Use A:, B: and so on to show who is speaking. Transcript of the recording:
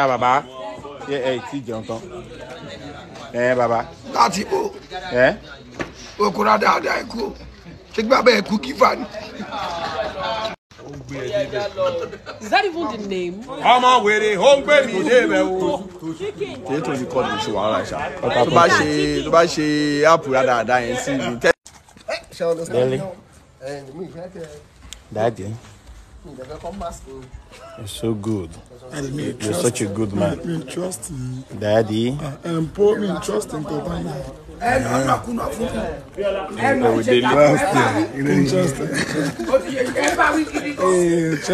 A: ẹ bàbá ẹ ẹ ti jẹun tán ẹ bàbá. láti bò ẹ okura dáadáa ẹ kú bẹ́ẹ̀ kú kífà ni.
B: Is that even the name? ọmọ wèrè ó ń gbé mi débẹ̀ o.
A: tèyí tó ní kọ́ọ̀dù ṣe wàhálà tó bá ṣe tó bá ṣe áàpù dáadáa yẹn sí mi. délé eh, dáàdì. You're so good. You're trust, such a good man. Me, me trust in, Daddy. And uh, um, pour me trust in Tabana. Yeah.
B: Yeah. Yeah. Yeah.